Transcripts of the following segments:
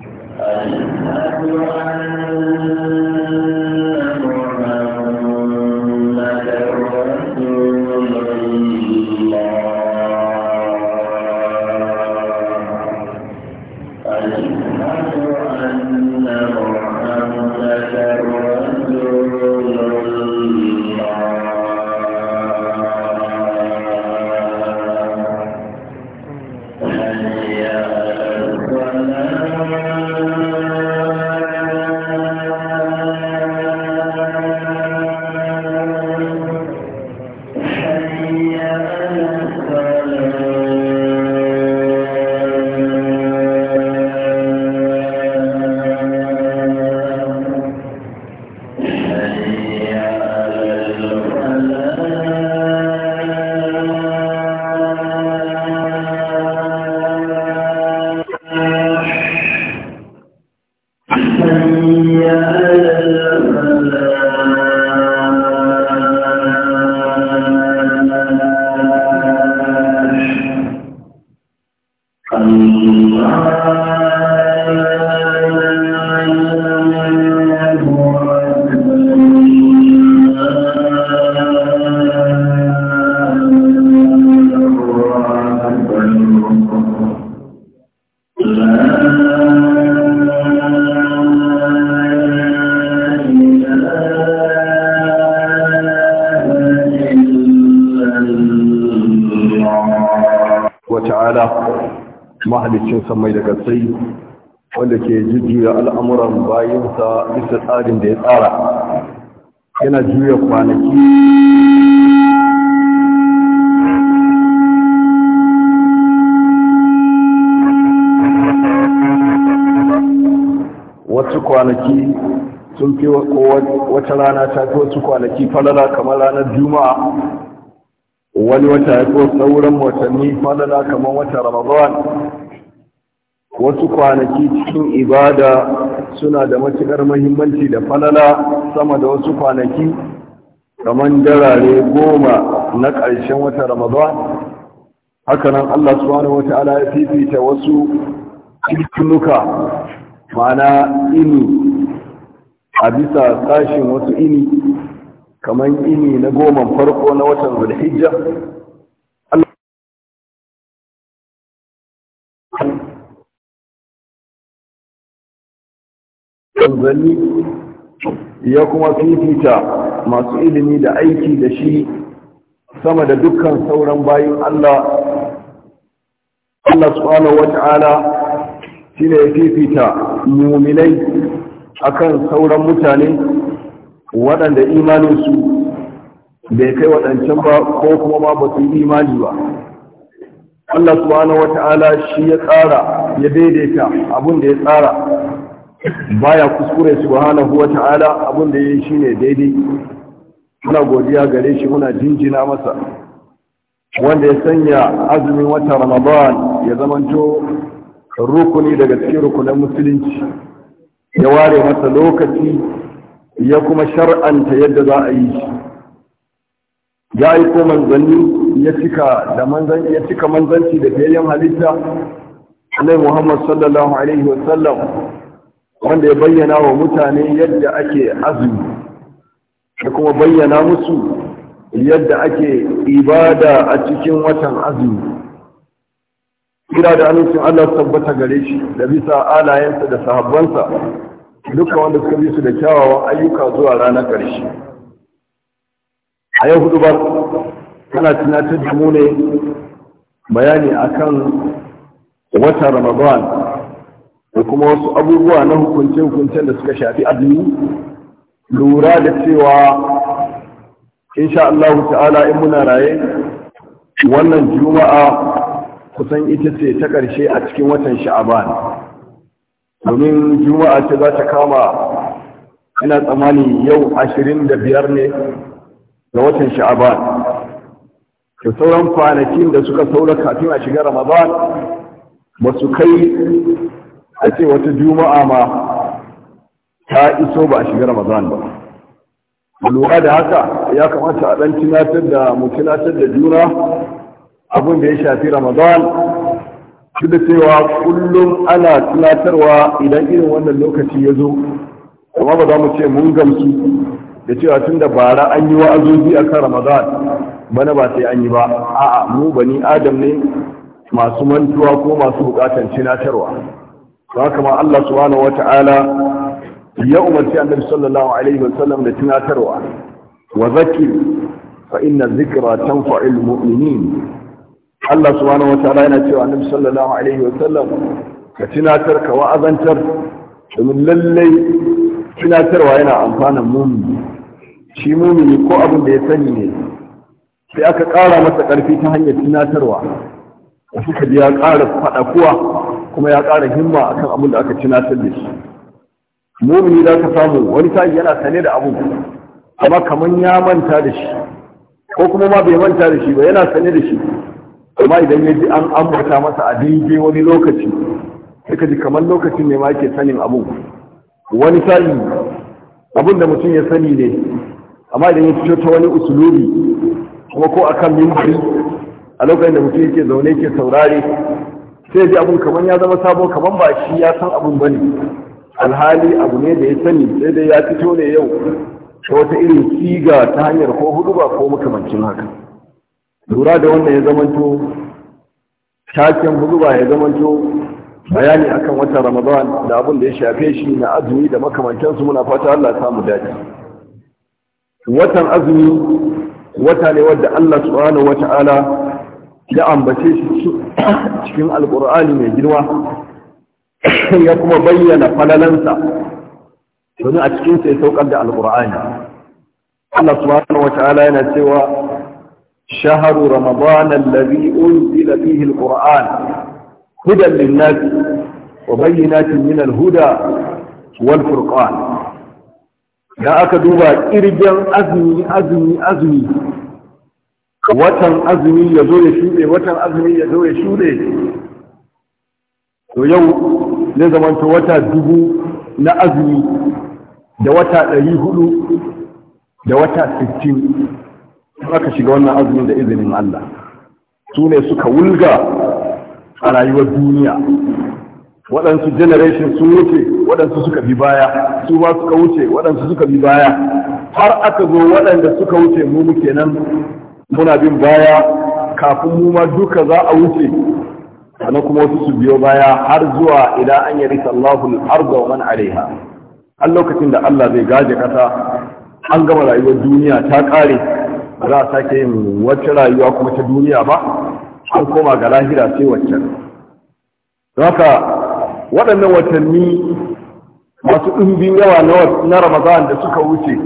أشهد أن tsarin da ya tsara yana juya kwanaki wasu kwanaki sun fi wata rana ta fi wasu kwanaki falala kamar ranar juma'a wani wata ya fi sauran watanni falala kamar wata ramadan wasu kwanaki cikin ibada suna da matuƙar mahimmanci da falala sama da wasu kwanaki kamar darare goma na ƙarshen wata ramadan hakanan Allah subhanahu wata'ala ya fifita wasu cikinuka mana ini a bisa sashin wasu ini kamar ini na goma farko na watan zulhijja zanni ya kuma fifita masu ilimi da aiki da shi sama da dukkan sauran bayin Allah Allah subhanahu wata'ala shine ya fifita muminai akan sauran mutane waɗanda imaninsu bai kai waɗancan ba ko kuma ma ba su yi imani ba Allah subhanahu wata'ala shi ya tsara ya daidaita abin da ya tsara baya kuskure subhanahu wata'ala abin da yayi shine daidai muna godiya gare shi muna jinjina masa wanda ya sanya azumin wata ramadan ya zamanto rukuni daga cikin rukunan musulunci ya ware masa lokaci ya kuma shar'anta yadda za a yi ya aiko manzanni ya cika da manzan ya cika manzanci da fiyayyen halitta Allah Muhammad sallallahu alaihi wa sallam wanda ya bayyana wa mutane yadda ake azumi da kuma bayyana musu yadda ake ibada a cikin watan azumi kira da amincin Allah tabbata gare shi da bisa alayensa da sahabbansa duka wanda suka bi su da kyawawan ayyuka zuwa ranar ƙarshe a yau hudu ba tana tunatar da mu ne bayani akan watan ramadan da kuma wasu abubuwa na hukunce-hukuncen da suka shafi azumi lura da cewa insha Allah ta'ala in muna raye wannan juma'a kusan ita ce ta ƙarshe a cikin watan sha'aban domin juma'a ce za ta kama ina tsammani yau ashirin da biyar ne ga watan sha'aban da sauran kwanakin da suka saura kafin a shiga ramadan ba su kai a ce wata juma'a ma ta iso ba a shiga ramadan ba lura da haka ya kamata a ɗan tunatar da mu tunatar da juna abin da ya shafi ramadan duk da cewa kullum ana tunatarwa idan irin wannan lokaci ya zo amma ba za mu ce mun gamsu da cewa tun da bara an yi wa'azozi a kan ramadan bana ba sai an yi ba a'a mu bani adam ne masu mantuwa ko masu bukatan tunatarwa فكما الله سبحانه وتعالى يوم في النبي صلى الله عليه وسلم لتنا تروى وذكر فإن الذكرى تنفع المؤمنين الله سبحانه وتعالى ينتهي النبي صلى الله عليه وسلم فتنا ترك وأذنتر ومن للي تنا تروى هنا أنفان المؤمن شي مؤمن يقوى أبن بيثنين في أكا قارة مثل قال في تهنية تنا تروى وفي كديا قارة فأقوى kuma ya ƙara himma akan abin da aka tunatar da shi mumini za ka samu wani sa'i yana sane da abu amma kamar ya manta da shi ko kuma ma bai manta da shi ba yana sane da shi amma idan ya ji an ambata masa a daidai wani lokaci suka ji kamar lokacin ne ma yake sanin abu wani sa'i abin da mutum ya sani ne amma idan ya fito ta wani usulobi kuma ko akan mimbari a lokacin da mutum yake zaune ke saurare sai ji abun kamar ya zama sabo kaman ba shi ya san abun ne. alhali abu ne da ya sani sai dai ya fito ne yau ta wata irin siga ta hanyar ko hudu ba ko makamancin haka lura da wannan ya zamanto taken hudu ba ya zamanto bayani akan watan ramadan da abun da ya shafe shi na azumi da makamancinsu muna fata Allah ya samu dace watan azumi wata ne wadda Allah subhanahu wata'ala ya ambace shi cikin alkur'ani mai girma ya kuma bayyana falalansa domin a cikinsa ya saukar da alkur'ani Allah subhanahu wa ta'ala yana cewa shaharu ramadan allazi unzila fihi alquran hudan linnas wa bayyinatin min alhuda wal furqan da aka duba kirgen azumi azumi azumi watan azumi ya zo ya shuɗe watan azumi ya zo ya shuɗe to yau ne zamanto wata dubu na azumi da wata ɗari hudu da wata sittin aka shiga wannan azumin da izinin Allah su ne suka wulga a rayuwar duniya waɗansu generation sun wuce waɗansu suka bi baya su ma suka wuce waɗansu suka bi baya har aka zo waɗanda suka wuce mu muke nan muna bin baya kafin mu ma duka za a wuce sannan kuma wasu su biyo baya har zuwa idan an yarisa Allahul arda wa man alaiha an lokacin da Allah zai gaje kasa an gama rayuwar duniya ta kare ba za a sake yin wata rayuwa kuma ta duniya ba an koma ga lahira sai waccan haka waɗannan watanni masu ɗumbin yawa na Ramadan da suka wuce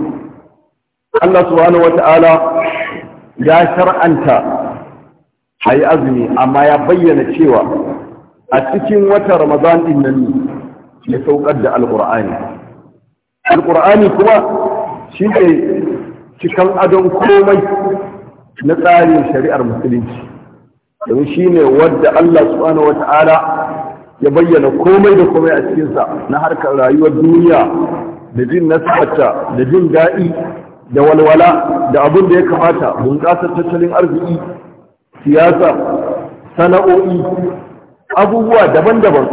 Allah subhanahu wata'ala ya shar'anta a azumi amma ya bayyana cewa a cikin watan ramadan din nan ya saukar da alkur'ani alkur'ani kuma shi ne cikan adon komai na tsarin shari'ar musulunci domin shi ne wadda allah subhanahu wa ya bayyana komai da komai a cikinsa na harkar rayuwar duniya da jin nasarta da jin daɗi da walwala da abin da ya kamata bunƙasar tattalin arziki siyasa sana'o'i abubuwa daban-daban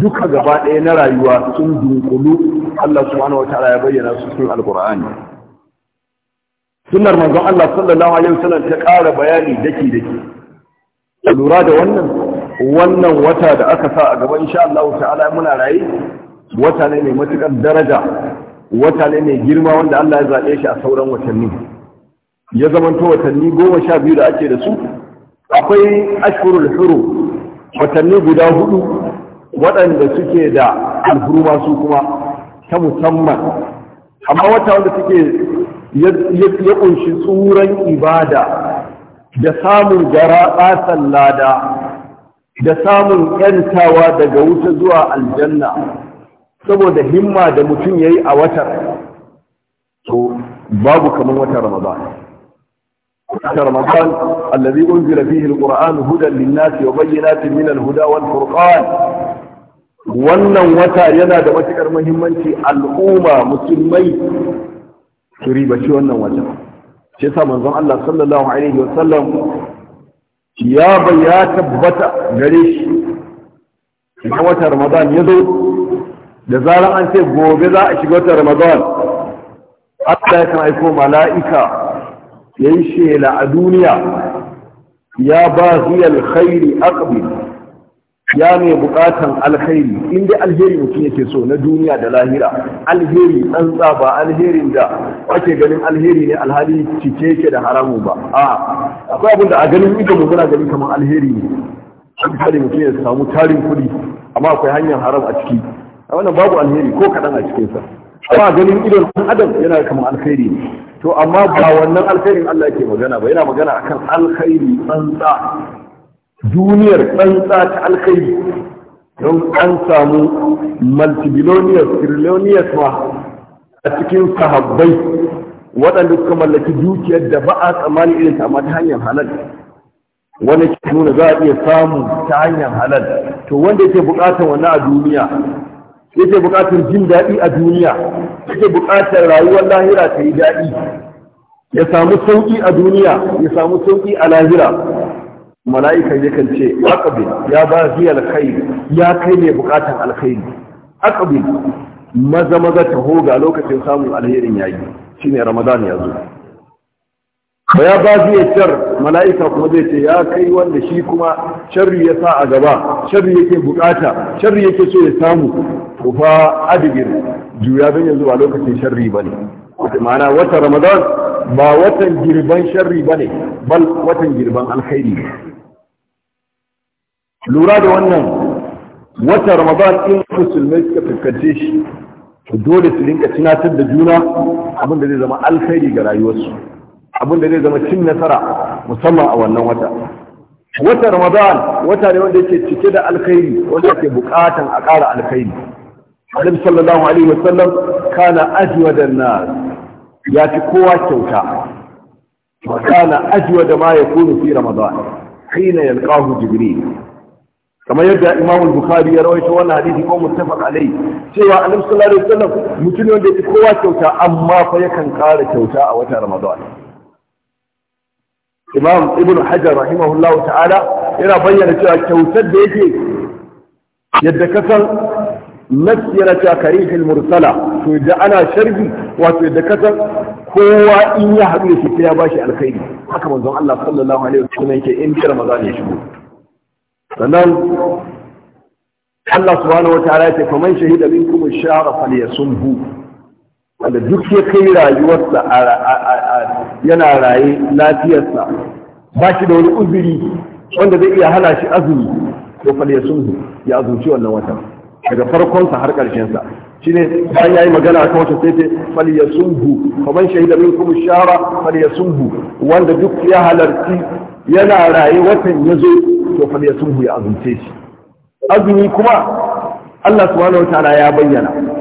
duka gaba ɗaya na rayuwa sun dunkulu Allah subhanahu wataala ya bayyana su cikin alƙur'ani sunnar manzon Allah sallallahu alaihi wasallam ta ƙara bayani dake dake lura da wannan wannan wata da aka sa a gaba insha Allah ta'ala muna raye wata ne mai matukar daraja wata ne mai girma wanda Allah ya zaɓe shi a sauran watanni ya zamanto watanni goma sha biyu da ake da su akwai ashurul huru watanni guda hudu waɗanda suke da alhurma su kuma ta musamman amma wata wanda suke ya ƙunshi tsuran ibada da samun gara lada da samun yantawa daga wuta zuwa aljanna saboda himma da mutum ya yi a watan to babu kamar watan ramadan watan ramadan allazi unzila fihi alquran hudan linnasi wa bayyinatin min alhuda wal furqan wannan wata yana da matukar muhimmanci al'umma musulmai su ribaci wannan wata shi yasa manzon Allah sallallahu alaihi wa sallam ya tabbata gare shi idan watan ramadan ya zo da zarar an ce gobe za a shiga ta ramadan Allah ya kan aiko mala'ika ya yi shela a duniya ya ba ziyar khairi aqbil ya mai bukatan alkhairi inda alheri mutum yake so na duniya da lahira alheri tsantsa ba alherin da ake ganin alheri ne alhali cike yake da haramu ba a akwai abin da a ganin ido mu muna gani kamar alheri ne alhali mutum ya samu tarin kuɗi amma akwai hanyar haram a ciki a wannan babu alheri ko kaɗan a cikinsa ba ganin idon ɗan adam yana kama alheri ne to amma ba wannan alherin Allah yake magana ba yana magana akan alkhairi tsantsa duniyar tsantsa ta alheri don an samu multibillionaires trillionaires ma a cikin sahabbai waɗanda suka mallaki dukiyar da ba a tsammani irin ta amma ta hanyar halal Wani ke nuna za a iya samu ta hanyar halal to wanda yake buƙatar wannan a duniya yake buƙatar jin daɗi a duniya yake buƙatar rayuwar lahira ta yi daɗi ya samu sauƙi a duniya ya samu sauƙi a lahira mala'ikan yakan ce akabi ya ba zai alkhairi ya kai ne buƙatar alkhairi akabi maza maza taho ga lokacin samun alherin yayi shine ramadan ya zo ba ya ba zai shar mala'ika kuma zai ce ya kai wanda shi kuma sharri ya sa a gaba sharri yake bukata sharri yake so ya samu ko fa adigir juya don yanzu ba lokacin sharri ne. ma'ana watan ramadan ba watan girban sharri ne, bal watan girban alkhairi lura da wannan watan ramadan in musulmai suka fuskance shi dole su rinka tunatar da juna abin da zai zama alkhairi ga rayuwarsu abin da zai zama cin nasara musamman a wannan wata wata ramadan wata ne wanda yake cike da alkhairi wanda ke bukatan a kara alkhairi annabi sallallahu alaihi wasallam kana ajwada nas ya ci kowa kyauta wa kana ajwada ma yakunu fi ramadan hina yalqahu jibril kamar yadda imam bukhari ya rawaito wannan hadisi ko muttafaq alai cewa annabi sallallahu alaihi wasallam mutune ne wanda yake kowa kyauta amma fa yakan kara kyauta a wata ramadan imam ibn hajar rahimahullahu ta'ala yana bayyana cewa kyautar da yake yadda ka san nasi yana cewa karihil mursala to da ana sharbi wato yadda ka san kowa in ya haɗu da shi ya bashi alkhairi haka manzon Allah sallallahu alaihi wasallam yake in kira maza ne shigo sannan Allah subhanahu wa ta'ala yake faman shahida minkum ash-shahra falyasumhu wanda duk ya kai rayuwarsa yana raye lafiyarsa ba shi da wani uzuri wanda zai iya hana shi azumi ko fal ya sunhu ya azumci wannan watan daga farkonsa har ƙarshensa shi ne bayan ya yi magana a wata sai sai fal ya sunhu kaman shahida min kuma shara fal ya wanda duk ya halarci yana raye watan ya zo to fal ya ya azumce shi azumi kuma Allah subhanahu wa ta'ala ya bayyana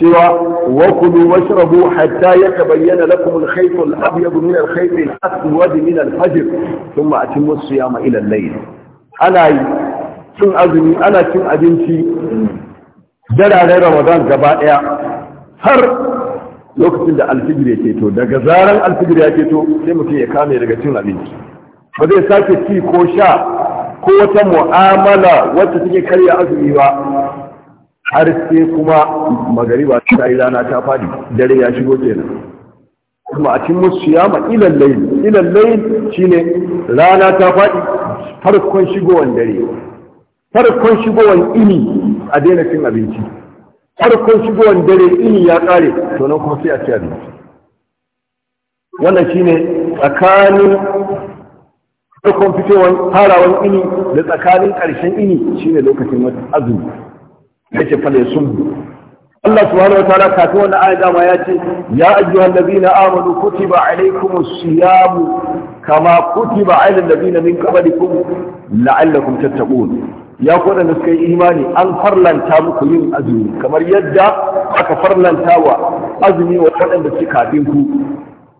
cewa wa kulu washrabu hatta yatabayyana lakum al-khayt al-abyad min al-khayt al-aswad min al-fajr thumma atimmu as-siyama ila al-layl ana cin azumi ana cin abinci dararen ramadan gaba daya har lokacin da alfijir ya to. daga zaran alfijir ya to sai mutum ya kame daga cin abinci ba zai sake ci ko sha ko wata mu'amala wacce take karya azumi ba har sai kuma magariba ta yi rana ta fadi dare ya shigo kenan kuma a cikin musu ya ma ilan layin ilan layin shine rana ta fadi farkon shigowan dare farkon shigowan ini a daina cin abinci farkon shigowan dare ini ya kare to nan kuma sai a ci abinci wannan shine tsakanin farkon fitowar farawan ini da tsakanin ƙarshen ini shine lokacin azumi ce fa sun? Allah subhanahu wataala kafin wannan aya dama ya ce ya ayyuhal ladina amanu kutiba alaykumus siyam kama kutiba alal ladina min qablikum la'allakum tattaqun ya da suka yi imani an farlanta muku yin azumi kamar yadda aka farlanta wa azumi wa waɗanda suke kafin ku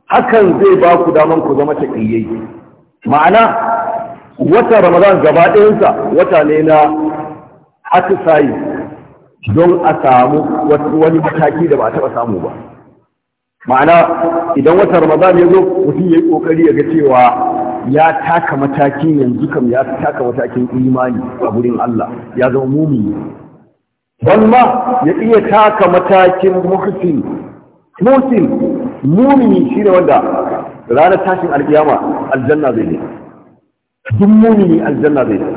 hakan zai ba ku daman ku zama taqiyyai ma'ana wata ramadan gaba ɗayansa wata ne na atisayi don a samu wani mataki da ba a taɓa samu ba ma'ana idan watan ramadan ya zo mutum ya yi ƙoƙari ya ga cewa ya taka matakin yanzu kam ya taka matakin imani a gurin Allah ya zama mumini don ma ya iya taka matakin muhsin muhsin mumini shine wanda ranar tashin alkiyama aljanna zai ne duk mumini aljanna zai ne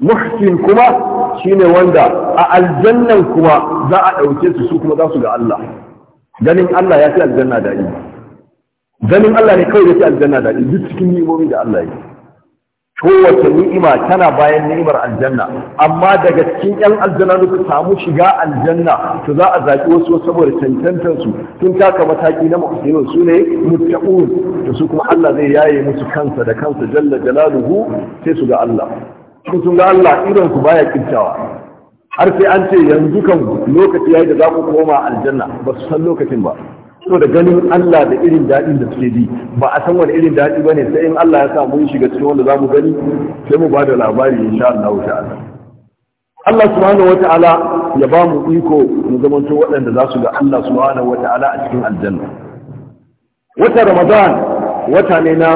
muhsin kuma shine wanda a aljannan kuma za a ɗauke su su kuma za su ga Allah ganin Allah ya fi aljanna daɗi ganin Allah ne kawai ya fi aljanna daɗi duk cikin ni'imomi da Allah ya kowace ni'ima tana bayan ni'imar aljanna amma daga cikin yan aljanna da samu shiga aljanna to za a zaɓi wasu saboda cancantar su tun taka mataki na mu'minin su ne muttaqun to su kuma Allah zai yaye musu kansa da kansa jalla jalaluhu sai su ga Allah in sun ga Allah irin su baya kirtawa har sai an ce yanzu kan lokaci yayi da za ku koma aljanna ba su san lokacin ba so da ganin Allah da irin daɗin da suke ji ba a san wani irin daɗi ba ne sai in Allah ya sa mun shiga cikin wanda za mu gani sai mu ba da labari insha Allah ta'ala Allah subhanahu wa ta'ala ya ba mu iko mu zamanto waɗanda za su ga Allah subhanahu wa ta'ala a cikin aljanna wata Ramadan wata ne na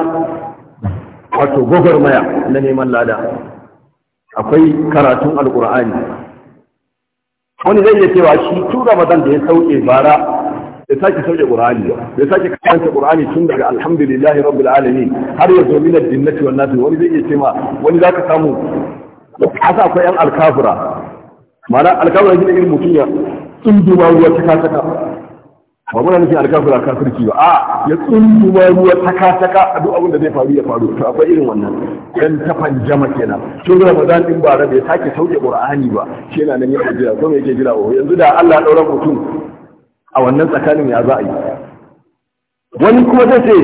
wato Maya na neman lada akwai karatun alkur'ani wani zai iya cewa shi tun ramadan da ya sauke bara ya sake sauke qur'ani ya sake karanta qur'ani tun daga alhamdulillahi rabbil alamin har ya zo min aljannati wan nas wani zai iya cewa wani zaka samu hasa akwai yan alkafira mana alkafira shine irin mutum ya tsundu ma ruwa ta ba muna nufin alkafura kafirci ba a ya ba ruwa taka taka a duk abin da zai faru ya faru to akwai irin wannan dan tafan jama kenan tun ramadan din ba rabe sake sauke qur'ani ba shi yana nan yake jira ko me yake jira o yanzu da Allah daura mutum a wannan tsakanin ya za a yi wani kuma zai ce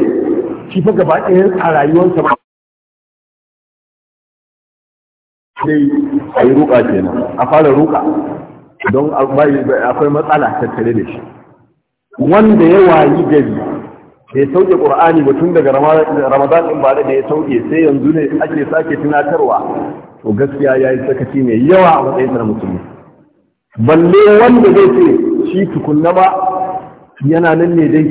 shi fa gaba ɗaya a rayuwarsa ba sai a yi ruka kenan a fara ruka don akwai matsala tattare da shi wanda ya wayi gari ya sauke qur'ani ba tun daga ramadan ɗin ba da ya sauke sai yanzu ne ake sake tunatarwa to gaskiya ya yi sakaci mai yawa a matsayin na musulmi balle wanda zai ce shi tukunna ba yana nan ne dai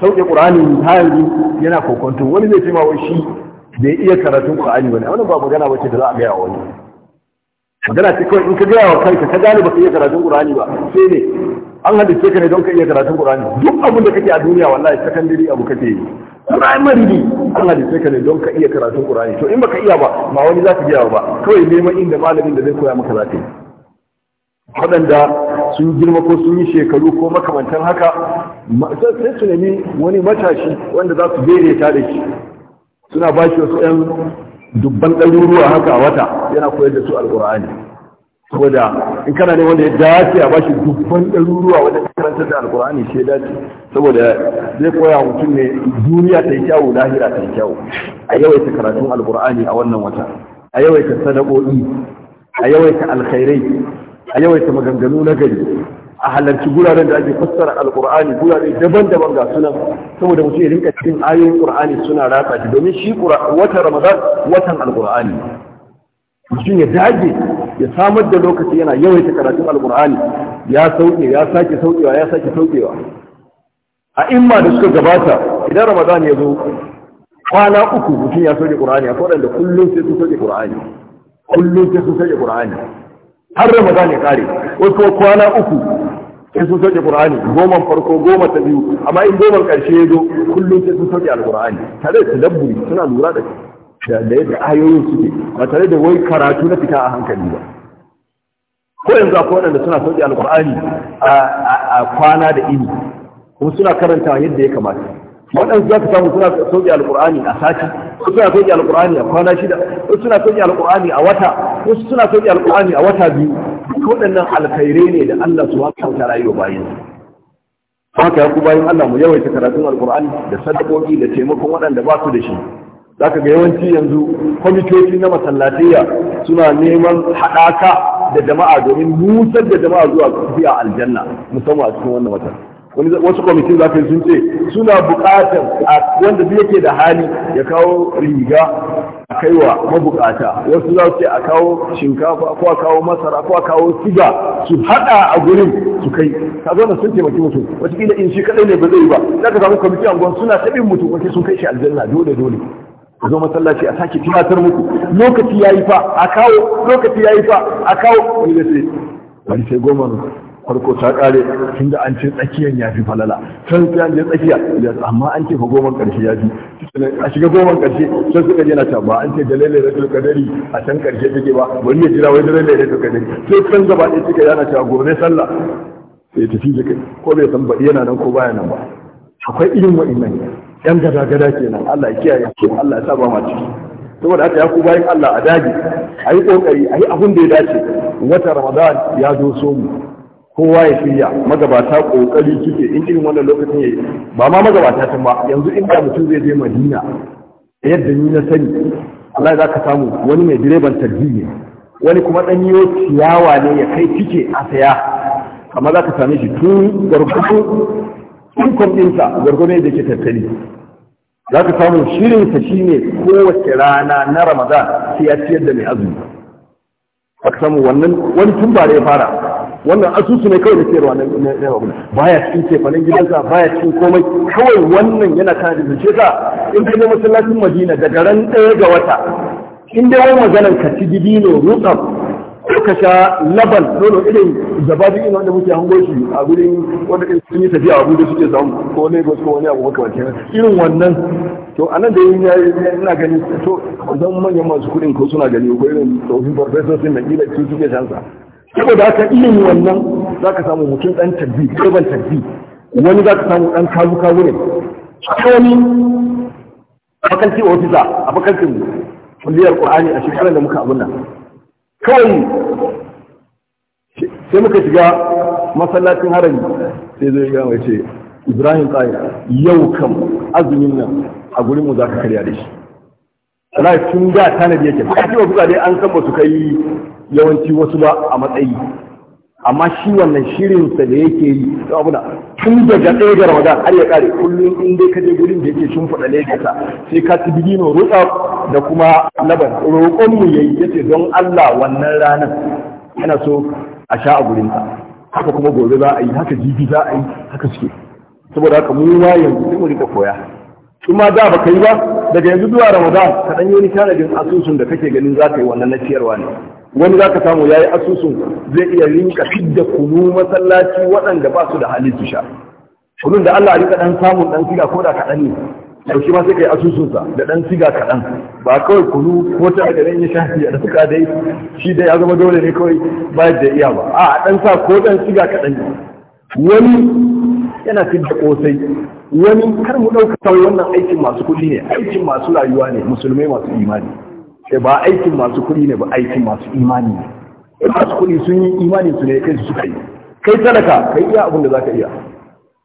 sauke qur'ani ta yanzu yana kokonto wani zai ce ma wai shi bai iya karatun qur'ani ba ne wani ba magana ce da za a wa wani magana ce kawai in ka gaya wa kanka ka gane ba ka iya karatun qur'ani ba sai ne an halitta ka ne don ka iya karatun Qur'ani duk abin da kake a duniya wallahi secondary abu kake yi primary ne an halitta ka ne don ka iya karatun Qur'ani to in baka iya ba ma wani za ka iya ba kawai neman inda malamin da zai koya maka za ka yi waɗanda sun girma ko sun yi shekaru ko makamantan haka sai su nemi wani matashi wanda za su daidaita da shi suna ba shi wasu 'yan dubban ɗaruruwa haka a wata yana koyar da su alƙur'ani saboda in kana ne wanda ya dace a bashi dubban ɗaruruwa wajen karanta da alkur'ani shi dace saboda zai koya mutum ne duniya ta yi kyawu lahira ta yi kyawu a yawaita karatun alkur'ani a wannan wata a yawaita sadakoki a yawaita alkhairai a yawaita maganganu na gari a halarci guraren da ake fassara alkur'ani gurare daban-daban ga sunan saboda mutum ya rinka cikin ayoyin qur'ani suna ratsa shi domin shi watan ramadan watan alkur'ani mutum ya dage ya samar da lokaci yana yawaita karatun alkur'ani ya sauke ya sake saukewa ya sake saukewa a imma da suka gabata idan ramadan ya zo kwana uku mutum ya sauke qur'ani a kwanan da kullum sai sun sauke qur'ani kullum sai sun sauke qur'ani har ramadan ya kare wasu kwana uku sai sun sauke qur'ani goma farko goma ta biyu amma in goma karshe ya zo kullum sai sun sauke alqur'ani tare da tadabburi suna lura da shi da yadda ayoyin suke ba tare da wai karatu na fita a hankali ba ko yanzu akwai waɗanda suna sauƙi alƙur'ani a kwana da ini kuma suna karanta yadda ya kamata waɗansu za ka samu suna sauƙi alƙur'ani a sati ko suna sauƙi alƙur'ani a kwana shida ko suna sauƙi alƙur'ani a wata ko suna sauƙi alƙur'ani a wata biyu ko waɗannan alkhairai ne da Allah su wa ta'ala yi wa bayansa haka ya ku bayan Allah mu yawaita karatun Alƙur'ani da sadakoki da taimakon waɗanda ba su da shi zaka ga yawanci yanzu kwamitoci na masallatiya suna neman haɗaka da jama'a domin nusar da jama'a zuwa tafiya aljanna musamman a cikin wannan watan wasu kwamitin za ka sun ce suna buƙatar wanda zai yake da hali ya kawo riga a kaiwa mabukata wasu za su ce a kawo shinkafa ko a kawo masara ko a kawo siga su haɗa a gurin su kai ka zama sun taimaki mutum wataƙila in shi kaɗai ne ba zai yi ba za ka samu kwamitin anguwan suna taɓin mutum wata sun kai shi aljanna dole dole zo masallaci a sake tunatar muku lokaci ya yi fa a kawo lokaci ya yi fa a kawo Wani da sai wani sai goma farko ta kare tun da an ce tsakiyan ya fi falala can sai an je tsakiya amma an ce fa goman karshe ya fi a shiga goman karshe sai suka je na ta ba an ce da lele da kadari a can karshe take ba wani ya jira wai da lele da kadari sai can gaba ɗaya suka yana ta gobe sallah sai tafi da kai ko bai san baɗi yana nan ko baya nan ba akwai irin nan. yan gada gada kenan Allah ya kiyaye ke Allah ya saba ma ciki saboda haka ya ku bayan Allah a daji a yi kokari a yi abin da ya dace wata Ramadan ya zo mu kowa ya shirya magabata kokari kike in irin wannan lokacin yayi ba ma magabata tun ba yanzu in inda mutum zai je Madina yadda ni na sani Allah za ka samu wani mai direban ne. wani kuma dan yiwo ciyawa ne ya kai kike a saya amma za ka same shi tun gargudu income ɗinsa gwargwado da ke tattali za ka samu shirinsa shi ne kowace rana na ramadan sai ya ciyar da mai azumi ba ka samu wannan wani tun ba da ya fara wannan asusu ne kawai da ciyarwa na yawon baya cikin cefanen gidansa baya cikin komai kawai wannan yana kana da zuce sa in je masallacin madina daga ran ɗaya ga wata in dai wani maganar ka ci dibino rutsam ko ka sha laban nono irin jababi ina wanda muke hango shi a gurin wanda sun yi tafiya a gudu suke samu ko lagos ko wani abu makamancin irin wannan to a nan da yin yayi ina gani to idan manyan masu kudin ko suna gani ko irin tsofin professor sun da kila su suke shansa saboda haka irin wannan za ka samu mutum ɗan tabbi ɗarban tabbi wani za ka samu ɗan kazu kazu ne wani fakalti ofisa a fakaltin kulliyar qur'ani a shekarar da muka abun nan kawai sai muka shiga masallacin harami sai zai gama ce ibrahim tsaye yau kam azumin nan a gurin mu za ka karya da shi Allah tun da tanadi yake ba a cewa kuka dai an san ba su kai yawanci wasu ba a matsayi amma shi wannan shirinsa da yake yi da abu da tun daga ɗaya da ramadan har ya kare kullum in dai ka je gurin da yake shimfiɗa lagasa sai ka ci bigino rutsa da kuma laban roƙonmu ya yi yace don allah wannan ranar yana so a sha a gurinsa haka kuma gobe za a yi haka jibi za a yi haka suke saboda haka mu ma yanzu sai mu rika koya kuma da ba ka yi ba daga yanzu zuwa ramadan ka ɗan yi wani tanadin asusun da kake ganin za ka yi wannan na ciyarwa ne wani za ka samu ya yi asusun zai iya rinka fidda kunu masallaci waɗanda ba su da halin su sha kunun da Allah rika ɗan samun ɗan siga ko da kaɗan ne dauki ma sai ka yi asusunsa da ɗan siga kaɗan ba kawai kunu ko ta da ya shafi a suka dai shi dai ya zama dole ne kawai ba da iya ba a ɗan sa ko ɗan siga kaɗan ne wani yana fidda kosai wani kar mu ɗauka wannan aikin masu kuɗi ne aikin masu rayuwa ne musulmai masu imani sai eh, ba aikin masu kuɗi ne ba aikin masu imani ne in masu kuɗi sun yi imani su ne kai su suka yi kai sadaka kai iya abin da za ka iya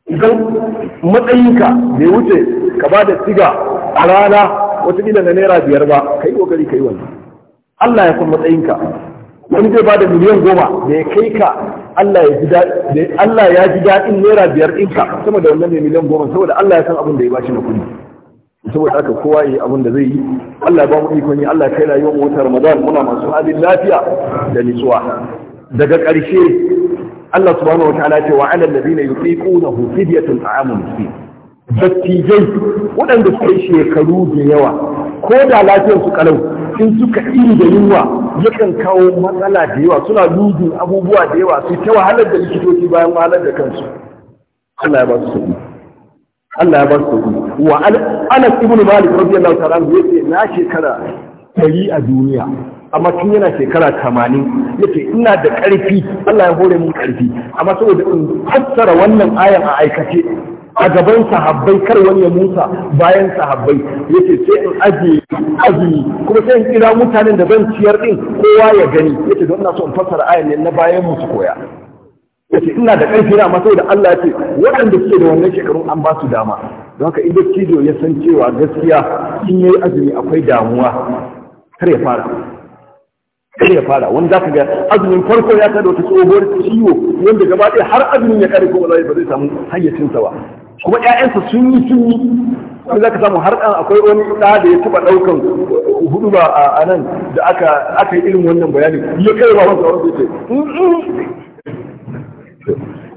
idan matsayinka bai wuce ka ba da siga a rana watakila na naira biyar ba ka yi kokari ka yi wannan Allah ya san matsayinka wani zai ba da miliyan goma da ya kai ka Allah ya ji daɗin naira biyar ɗinka sama da wannan ne miliyan goma saboda Allah ya san abin da ya bashi na kuɗi saboda haka kowa yi abin da zai yi Allah ba mu ikon yi Allah kai rayuwar wata Ramadan muna masu halin lafiya da nitsuwa daga ƙarshe Allah subhanahu wataala ce wa alal ladina yutiqunahu fidyatun ta'amun miskin dattijai waɗanda suka yi shekaru da yawa ko da lafiyar su kalau in suka iri da yunwa yakan kawo matsala da yawa suna lujin abubuwa da yawa su ta wahalar da likitoci bayan wahalar da kansu Allah ya ba su sauki Allah ya ba su sauki wa anas ibn malik radiyallahu ta'ala yace na shekara ɗari a duniya amma tun yana shekara tamanin yake ina da ƙarfi Allah ya hore mun ƙarfi amma saboda in fassara wannan ayan a aikace a gaban sahabbai kar wani ya musa bayan sahabbai yace sai in aje azumi kuma sai in kira mutanen da ban ciyar din kowa ya gani yace don ina so in fassara ayan ne na bayan musu koya yace ina da ƙarfi amma saboda Allah ya ce waɗanda suke da wannan shekarun an ba su dama don haka inda cido ya san cewa gaskiya in yayi azumi akwai damuwa kar ya fara kar ya fara wanda za ka ga azumin farko ya kada wata tsohuwar ciwo wanda gaba ɗaya har azumin ya kare kuma ba zai samu hayyacinsa ba kuma ƴaƴansa sun yi sun yi wani za ka samu har ɗan akwai wani ɗa da ya taɓa ɗaukan hudu ba a nan da aka aka yi irin wannan bayani ya kai ba wanda wanda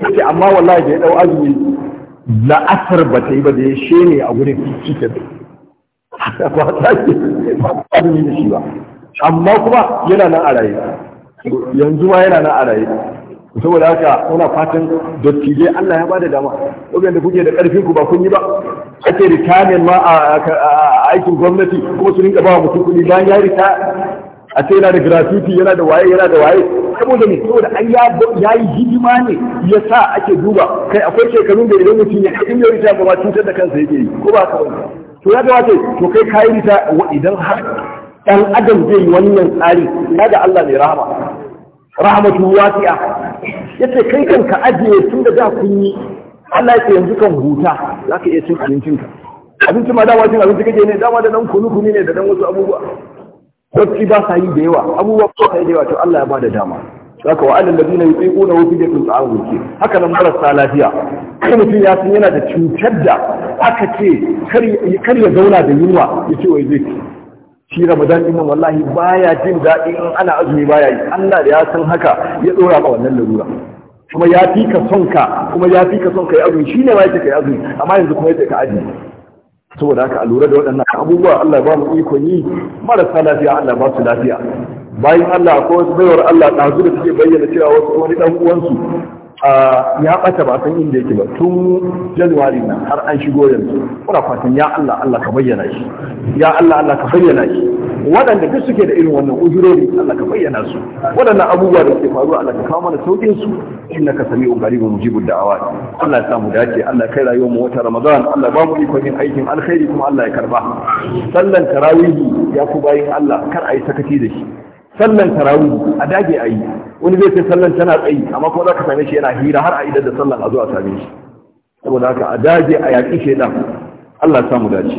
ya ce amma wallahi da ya ɗau azumi la'asar ba ta yi ba da ya shene a wurin gurin cikin ba ta ke da shi ba amma kuma yana nan a raye yanzu ma yana nan a raye saboda haka muna fatan dattijai Allah ya ba da dama wajen da kuke da karfin ku ba kun yi ba ake ritamin ma a aikin gwamnati kuma su rinka ba mutum kuɗi bayan ya rita a ce yana da gratuity yana da waye yana da waye saboda ne saboda an ya yi hidima ne ya sa ake duba kai akwai shekarun da idan mutum ya kai in ya ba ma cutar da kansa yake yi ko ba ka wani to ya ce to kai kayi rita idan har dan adam zai yi wannan tsari ga Allah mai rahama rahmatu wasi'a yace kai kanka ajiye tun da da kun yi Allah ya yanzu kan huta zaka iya cin abincinka abinci ma da cin abinci kake ne dama da dan kunu kunu ne da dan wasu abubuwa bacci ba sa yi da yawa abubuwa ko sai yi da yawa to Allah ya bada dama saka wa alal ladina yutiquna wa fidatun ta'awun ke haka nan marasa lafiya kai mutum ya san yana da cutar da aka ce kar ya zauna da yunwa ya ce wai zai shi ramadan din wallahi baya jin daɗi in ana azumi baya yi Allah da ya san haka ya dora ma wannan larura kuma ya fi ka son ka kuma ya fi ka son yi azumi shine ma yake ka azumi amma yanzu kuma yake ka azumi saboda haka a lura da waɗannan abubuwa Allah ba mu ikon yi marasa lafiya Allah ba su lafiya bayan Allah ko baiwar Allah ɗazu da take bayyana cewa wasu wani ɗan uwansu ya ɓata ba san inda yake ba tun januwari na har an shigo yanzu muna fatan ya Allah Allah ka bayyana shi ya Allah Allah ka bayyana shi waɗanda duk suke da irin wannan ujurori, Allah ka bayyana su waɗannan abubuwa da suke faruwa Allah ka kawo mana saukin su innaka sami'un qaribun mujibud da'awat Allah ya sa mu dace Allah kai rayuwar mu wata Ramadan Allah ba mu ikon yin aikin alkhairi kuma Allah ya karba sallan tarawihi ya ku bayin Allah kar ayi sakati da shi sallan tarawih a dage ayi, wani zai ce sallan tana tsayi amma kuma za ka same shi yana hira har a idan da sallan a zo a same shi saboda haka a dage a yaƙi shaidan Allah ya samu dace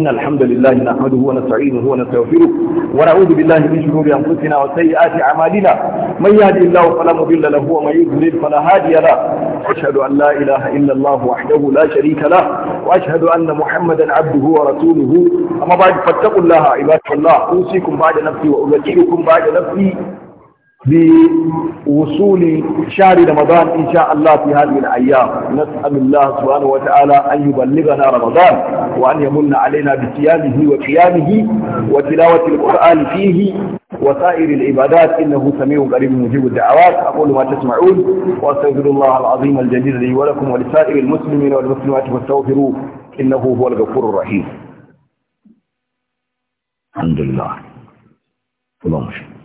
إن الحمد لله نحمده ونستعينه ونستغفره ونعوذ بالله من شرور أنفسنا وسيئات أعمالنا من يهدي الله فلا مضل له ومن يضلل فلا هادي له أشهد أن لا إله إلا الله وحده لا شريك له وأشهد أن محمدا عبده ورسوله أما بعد فاتقوا الله عباد الله أوصيكم بعد نفسي وأذكركم بعد نفسي بوصول شهر رمضان إن شاء الله في هذه الأيام نسأل الله سبحانه وتعالى أن يبلغنا رمضان وأن يمن علينا بصيامه وقيامه وتلاوة القرآن فيه وسائر العبادات إنه سميع قريب مجيب الدعوات أقول ما تسمعون وأستغفر الله العظيم الجليل لي ولكم ولسائر المسلمين والمسلمات فاستغفروه إنه هو الغفور الرحيم الحمد لله اللهم شكرا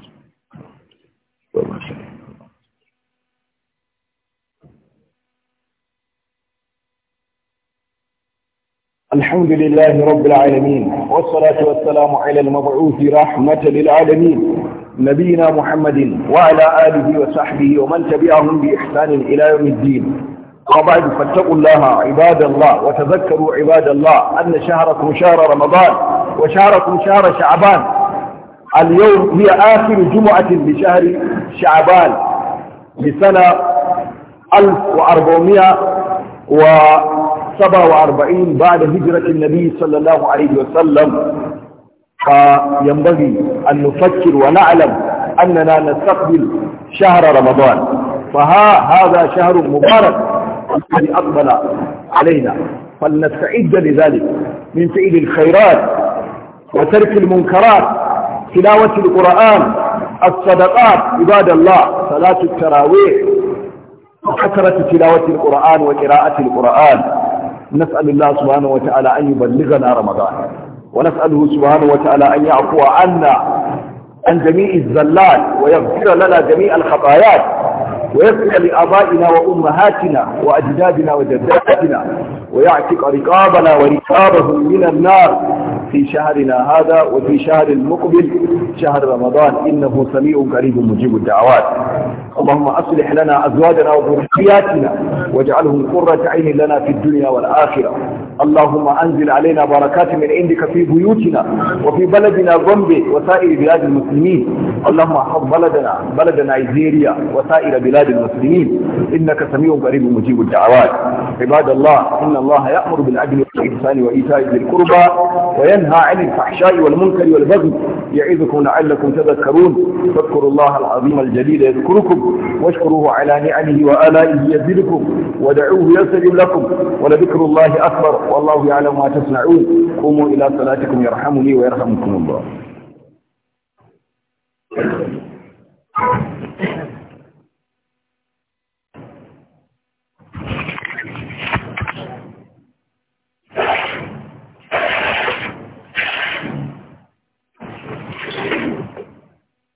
الحمد لله رب العالمين والصلاة والسلام على المبعوث رحمة للعالمين نبينا محمد وعلى آله وصحبه ومن تبعهم بإحسان إلى يوم الدين وبعد فاتقوا الله عباد الله وتذكروا عباد الله أن شهركم شهر رمضان وشهركم شهر شعبان اليوم هي آخر جمعة بشهر شعبان لسنة 1400 و سبع وأربعين بعد هجرة النبي صلى الله عليه وسلم فينبغي أن نفكر ونعلم أننا نستقبل شهر رمضان فها هذا شهر مبارك الذي أقبل علينا فلنستعد لذلك من فعل الخيرات وترك المنكرات تلاوة القرآن الصدقات عباد الله صلاة التراويح وكثرة تلاوة القرآن وقراءة القرآن نسأل الله سبحانه وتعالى أن يبلغنا رمضان ونسأله سبحانه وتعالى أن يعفو عنا عن جميع الزلات ويغفر لنا جميع الخطايات ويغفر لآبائنا وأمهاتنا وأجدادنا وجداتنا ويعتق رقابنا ورقابهم من النار في شهرنا هذا وفي شهر المقبل شهر رمضان إنه سميع قريب مجيب الدعوات اللهم أصلح لنا أزواجنا وذرياتنا واجعلهم قرة عين لنا في الدنيا والآخرة اللهم أنزل علينا بركات من عندك في بيوتنا وفي بلدنا غومبي وسائر بلاد المسلمين اللهم احفظ بلدنا بلد نيجيريا وسائر بلاد المسلمين إنك سميع قريب مجيب الدعوات عباد الله إن الله يأمر بالعدل والإحسان وإيتاء ذي القربى وينهى عن الفحشاء والمنكر والبغي يعظكم لعلكم تذكرون فاذكروا الله العظيم الجليل يذكركم واشكروه على نعمه وآلائه يزدكم ودعوه يستجب لكم ولذكر الله أكبر والله يعلم ما تصنعون قوموا إلى صلاتكم يرحمني ويرحمكم الله Thank you.